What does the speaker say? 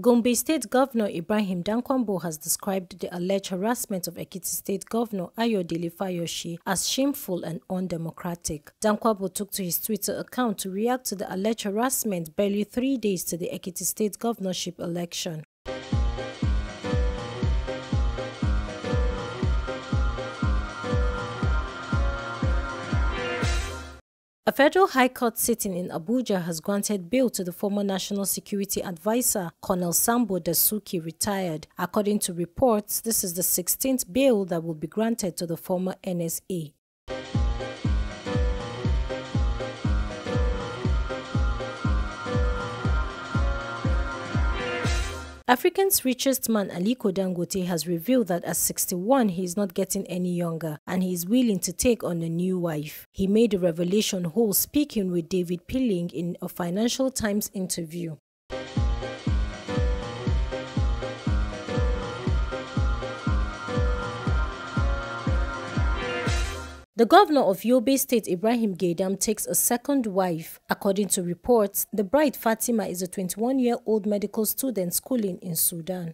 Gombe State Governor Ibrahim Dankwambo has described the alleged harassment of Ekiti State Governor Ayodele Fayoshi as shameful and undemocratic. Dankwambo took to his Twitter account to react to the alleged harassment barely three days to the Ekiti State governorship election. A federal high court sitting in Abuja has granted bail to the former national security advisor, Colonel Sambo Dasuki, retired. According to reports, this is the 16th bail that will be granted to the former NSA. Africa's richest man Aliko Dangote has revealed that at 61 he is not getting any younger and he is willing to take on a new wife. He made the revelation whole speaking with David Pilling in a Financial Times interview. The governor of Yobe State, Ibrahim Gaidam, takes a second wife. According to reports, the bride Fatima is a 21-year-old medical student schooling in Sudan.